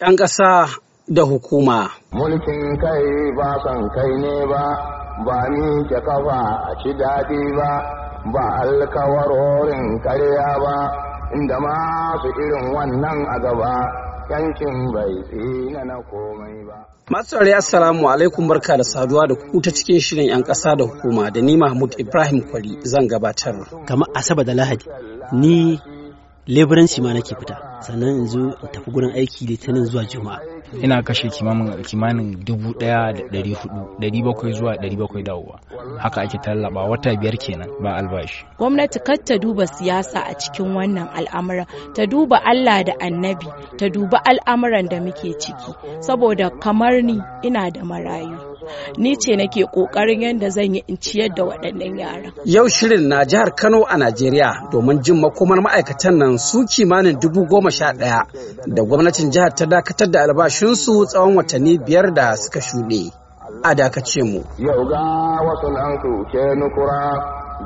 ‘yan ƙasa da hukuma. Mulkin kai ba san kai ne ba, ba ni ke kafa a ci daɗi ba, ba alkawarorin karya ba, inda masu irin wannan a gaba, yankin bai tsina na komai ba. ya assalamu alaikum barka da saduwa da ku ta cikin shirin 'yan ƙasa da hukuma da ni Mahmud Ibrahim Kwari zan gabatar. Kamar Asaba da Lahadi, ni leburanci ma nake fita sannan in zo in tafi gurin aiki litinin zuwa juma'a ina kashe kimanin dubu daya da dari hudu dari bakwai zuwa dari bakwai dawowa haka ake tallaba wata biyar kenan ba albashi gwamnati kar ta duba siyasa a cikin wannan al'amuran ta duba allah da annabi ta duba al'amuran da muke ciki saboda kamar ni ina da marayu ni ce nake kokarin yadda zan yi in ciyar da waɗannan yara. yau shirin na jihar kano a najeriya domin jin makomar ma'aikatan nan su kimanin dubu goma sha ɗaya da gwamnatin jihar ta dakatar da albashinsu tsawon watanni biyar da suka shuɗe a dakace mu yau ga wasu nan ke nukura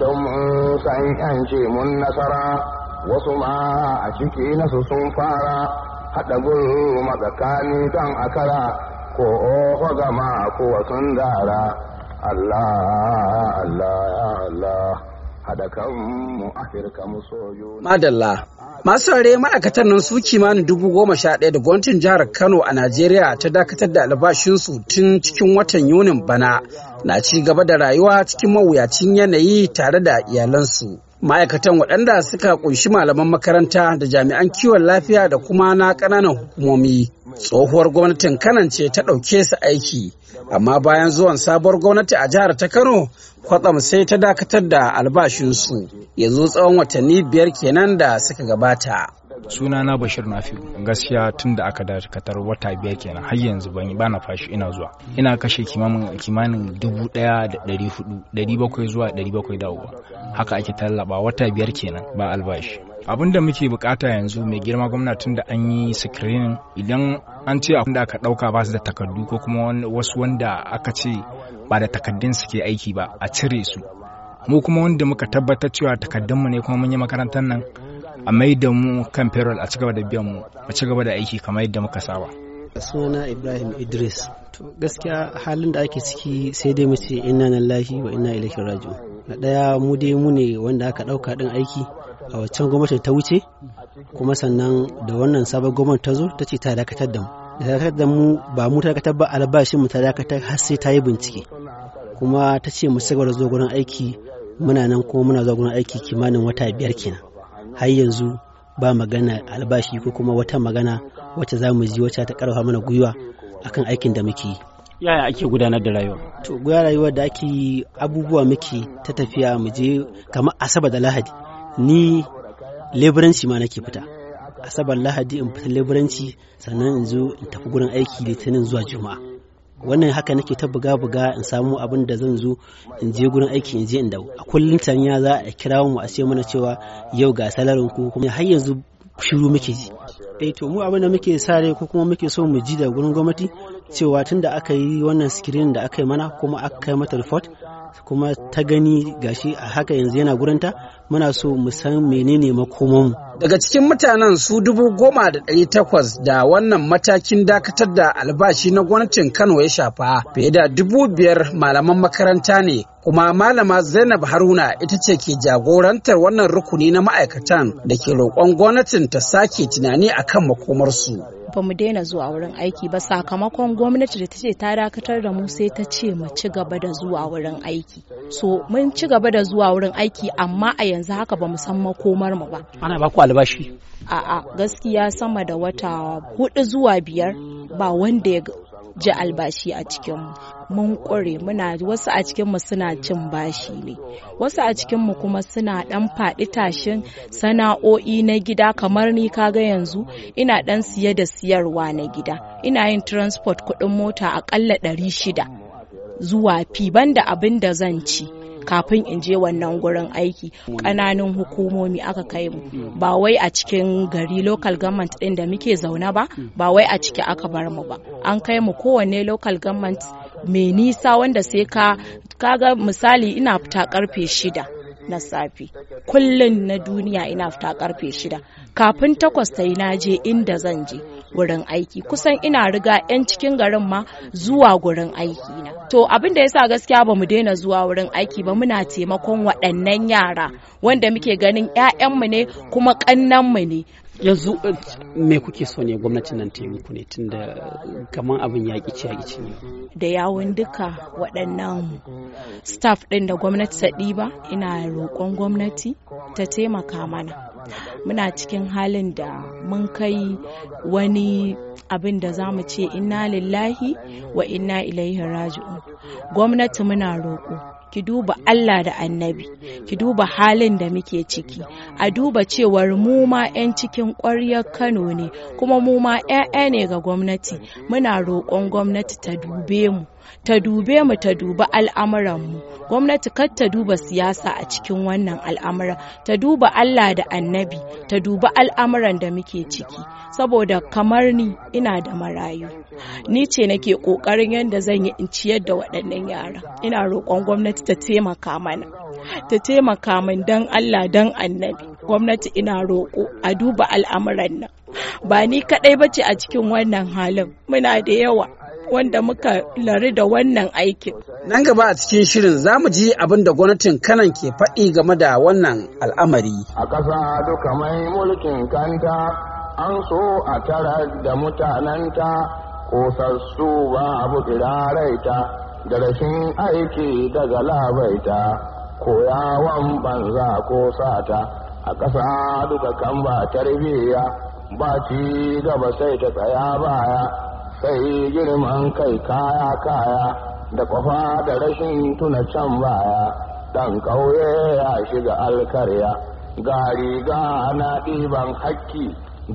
don mun san nasara wasu ma a ciki nasu sun fara haɗa gulu matsakani kan akara ko o gama ko sun dara Allah Allah Allah kan kanmu Afirka mu soyo. Madalla. Masu rare ma'aikatan nan su kimanin dubu goma sha ɗaya da gwamnatin jihar Kano a Najeriya ta dakatar da albashinsu tun cikin watan Yunin bana na ci gaba da rayuwa cikin mawuyacin yanayi tare da iyalansu. ma'aikatan waɗanda suka kunshi malaman makaranta da jami'an kiwon lafiya da kuma na ƙananan hukumomi tsohuwar gwamnatin kanan ce ta ɗauke su aiki amma bayan zuwan sabuwar gwamnati a jihar ta kano kwatsam sai ta dakatar da albashinsu yanzu tsawon watanni biyar kenan da suka gabata suna na bashir nafi'u gaskiya tun da aka dakatar wata biyar kenan har yanzu ban ba na fashi ina zuwa ina kashe kimanin kimanin dubu daya da dari hudu dari bakwai zuwa dari bakwai dawowa haka ake tallaba wata biyar kenan ba albashi abin da muke bukata yanzu mai girma gwamnatin da an yi screening idan an ce abin da aka dauka ba su da takardu ko kuma wasu wanda aka ce ba da takardun suke aiki ba a cire su mu kuma wanda muka tabbatar cewa takardunmu ne kuma mun yi makarantar nan a mai da mu kan payroll a cigaba da biyan mu a cigaba da aiki kamar yadda muka saba suna ibrahim idris to gaskiya halin da ake ciki sai dai mu ce nan lahi wa ina ilaihi raju na daya mu dai mu ne wanda aka dauka din aiki a waccan gwamnati ta wuce kuma sannan da wannan sabon gwamnati ta zo ta ce ta dakatar da mu da dakatar da mu ba mu ta dakatar ba albashin mu ta dakatar har sai ta yi bincike kuma ta ce mu cigaba da zuwa gurin aiki muna nan kuma muna zuwa gurin aiki kimanin wata biyar kenan har yanzu ba magana albashi ko kuma wata magana wacce za mu ji wacce ta karfa mana gwiwa akan aikin da muke yi yaya ake gudanar da rayuwa to gudanar rayuwa da ake abubuwa muke ta tafiya mu je kamar asaba da lahadi ni leburanci ma nake fita asabar lahadi in fita leburanci sannan in zo in tafi gurin aiki litinin zuwa juma'a wannan haka nake ta buga buga in samu abin da zan zo in je gurin aiki in je in dawo a kullum tanya za a kira mu a ce mana cewa yau ga salarin ku kuma har yanzu shiru muke ji eh to mu abin da muke sa rai ko kuma muke so mu ji da gurin gwamnati cewa tunda aka yi wannan screen da aka yi mana kuma aka kai mata report kuma ta gani gashi a haka yanzu yana gurinta muna so mu san menene makoman mu Daga cikin mutanen su dubu goma da ɗari takwas da wannan matakin dakatar da albashi na gwamnatin Kano ya shafa fiye da dubu biyar malaman makaranta ne kuma malama Zainab Haruna ita ce ke jagorantar wannan rukuni na ma'aikatan da ke roƙon gwamnatin ta sake tunani akan makomarsu. ba mu daina zuwa wurin aiki ba sakamakon gwamnati da ta ce ta dakatar da mu sai ta ce mu ci gaba da zuwa wurin aiki so mun ci gaba da zuwa wurin aiki amma a yanzu haka ba mu san makomar mu ba ana ba ku albashi a'a gaskiya sama da wata hudu zuwa biyar ba wanda ya ji albashi a cikinmu mun ƙware muna wasu a cikinmu suna cin bashi ne wasu a cikinmu kuma suna ɗan faɗi tashin sana'o'i na gida kamar ni ka ga yanzu ina ɗan siye da siyarwa na gida ina yin transport kuɗin mota aƙalla ɗari shida zuwa fi banda abin da zan ci kafin in je wannan gurin aiki kananan hukumomi aka kai mu ba wai a cikin gari local government ɗin da muke zaune ba ba wai a ciki aka bar mu ba an kai mu kowanne local government mai nisa wanda sai ka kaga misali ina fita karfe shida na safe kullum na duniya ina fita karfe shida kafin takwas ta yi na je inda zan je Wurin aiki kusan ina riga 'yan cikin garin ma zuwa wurin aiki na to abin da yasa gaskiya ba mu daina zuwa wurin aiki ba muna taimakon waɗannan yara wanda muke ganin 'ya'yanmu ne kuma ƙannanmu ne yanzu eh, me kuke so ne gwamnatin nan ta yi muku ne da kamar abin ya ƙi ya ƙi ne da yawon duka waɗannan staff ɗin da gwamnati ta ɗiba ina roƙon gwamnati ta taimaka mana muna cikin halin da mun kai wani abin da za mu ce inna lillahi wa inna ilaihi raji'un gwamnati muna roƙo ki duba Allah da annabi ki duba halin da muke ciki a duba cewar mu ma 'yan cikin ƙwaryar Kano ne kuma mu ma 'ya'ya ne ga gwamnati muna roƙon gwamnati ta dube mu ta dube mu ta dubi mu. gwamnati kar ta duba siyasa a cikin wannan al'amura ta duba Allah da annabi ta duba al'amuran da muke ciki saboda kamar ni ina da marayu ni ce nake kokarin yadda zan yi in ciyar da waɗannan yara ina roƙon gwamnati ta taimaka mana ta taimaka min don Allah don annabi gwamnati ina roƙo a duba al'amuran nan ba ni kaɗai bace a cikin wannan halin muna da yawa wanda muka lari da wannan aikin. Nan gaba a cikin shirin za mu ji abin da gwamnatin kanan ke faɗi game da wannan al'amari. A ƙasa duka mai mulkin kanta an so a tara da mutanenta kosassu ba abu kiraraita da rashin aiki daga labaita. koyawan banza ko sata a ƙasa duka kan ba tarbiyya ba ci gaba sai ta tsaya baya sai girman kai kaya kaya da kwafa da rashin tuna can baya ɗan ƙauye ya shiga alkarya ga riga na ɗiban hakki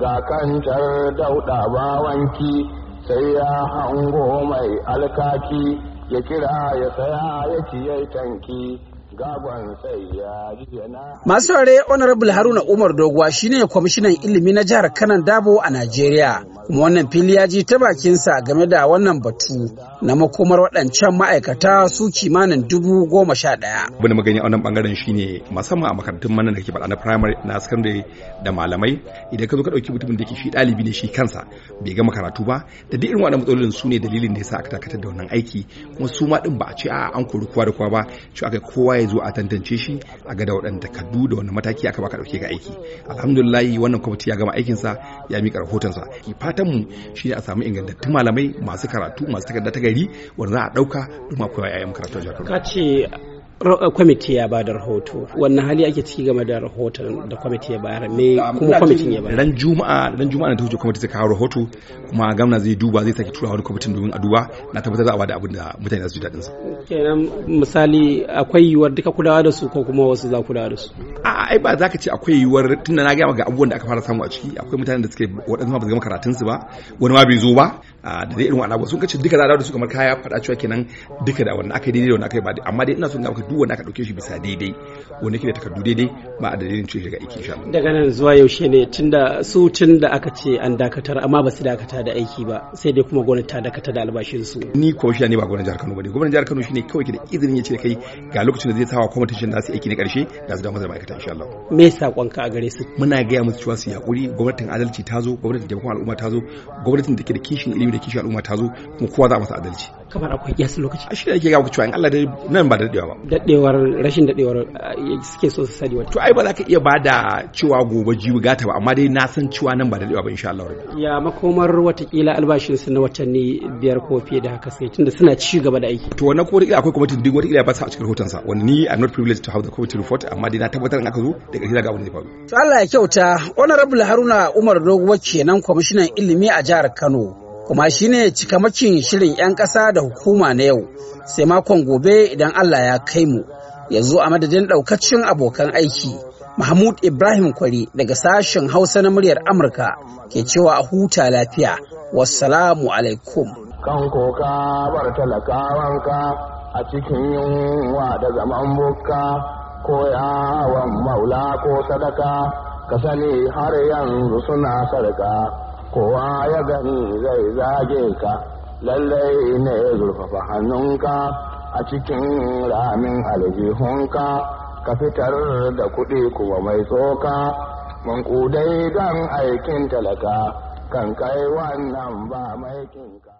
ga kancar dauɗa bawanki sai ya hango mai alkaki ya kira ya saya ya ciye tanki Masu rare Honorable Haruna Umar Doguwa shine kwamishinan ilimi na jihar Kanan Dabo a Najeriya. Kuma wannan fili ya ji ta bakinsa game da wannan batu na makomar waɗancan ma'aikata su kimanin dubu goma sha ɗaya. Bani maganin magani a wannan bangaren shine musamman a makarantun mana da ke faɗa na primary na secondary da malamai idan ka zo ka ɗauki mutumin da ke shi ɗalibi ne shi kansa bai gama karatu ba da duk irin waɗannan matsalolin su ne dalilin da ya sa aka takatar da wannan aiki kuma su ma ɗin ba a ce a an kori kowa da kowa ba cewa kai kowa ya ya zo a tantance shi a ga da waɗanda takardu da wani mataki aka baka dauke ga aiki alhamdulillah wannan kwamiti ya gama aikinsa ya mika rahotonsa fatan mu shi a samu ingantattun malamai masu karatu masu takarda ta gari wanda za a dauka domin koya yayan karatu a jakarta ka ce Eh, kwamiti ya ba da rahoto wannan hali ake ciki game da rahoton da kwamiti ya bayar me kuma kwamitin ya bayar ran juma'a ran juma'a ne ta huce kwamiti ta kawo rahoto kuma gwamna zai duba zai sake tura wani kwamitin domin a duba na tabbatar za a bada abin da mutane za su ji daɗin sa kenan misali akwai yiwuwar duka kulawa da su ko kuma wasu za kulawa da su a ai ba za ka ce akwai yiwuwar tunda na gaya maka abubuwan da aka fara samu a ciki akwai mutanen da suke waɗansu ma ba su gama karatun su ba wani ma bai zo ba da dai irin wani abu sun kace duka za a dawo da su kamar kaya faɗa cewa kenan duka da wannan akai yi daidai da wannan akai yi ba amma dai ina son ga duk wanda aka dauke shi bisa daidai wanda yake da takardu daidai ba a dalilin cewa shiga aiki insha daga nan zuwa yaushe ne tunda su tun da aka ce an dakatar amma ba su dakata da aiki ba sai dai kuma gwamnati ta dakata da albashin su ni ko shi ne ba gwamnatin jihar Kano ba ne gwamnatin jihar Kano shine kawai ke da izinin ya ce kai ga lokacin da zai tsawa kwamitin da nasu aiki na karshe da su da mazar ma'aikata insha Allah me sakonka a gare su muna gaya musu cewa su yakuri gwamnatin adalci ta zo gwamnatin taimakon al'umma ta zo gwamnatin da ke da kishin ilimi da kishin al'umma ta zo kuma kowa za a masa adalci kamar akwai kiyasi lokaci a shi da ke ga cewa in Allah dai nan ba daɗewa ba Daddewar rashin daddewar eh, suke so su sani wata to ai ba za ka iya bada cewa gobe jibi gata ba amma dai na san cewa nan ba daɗewa ba insha Allah ya makomar watakila albashin su na watanni biyar ko fiye da haka sai tunda suna ci gaba da aiki to wannan ko da akwai kwamitin din wata ba sa a cikin rahoton sa ni I'm not privileged to have the committee report amma dai na tabbatar in aka zo da ƙarshe ga wani da faru to Allah ya kyauta honorable Haruna Umar Dogo kenan kwamishinan ilimi a jihar Kano kuma shi ne cikamakin shirin 'yan ƙasa da hukuma na yau sai makon gobe idan Allah ya kai mu ya zo a madadin ɗaukacin abokan aiki Mahmud Ibrahim Kwari daga sashen Hausa na muryar Amurka ke cewa a huta lafiya wassalamu alaikum kan koka bar talakawanka a cikin yunwa da zaman bukka ko yawon maula ko sadaka ka sani har yanzu suna sarka kowa ya gani zai zage ka lallai ne zurfafa hannunka a cikin ramin aljihunka ka fitar da kuɗi kuma mai tsoka mankudai don aikin talaka kan kai wannan ba maikinka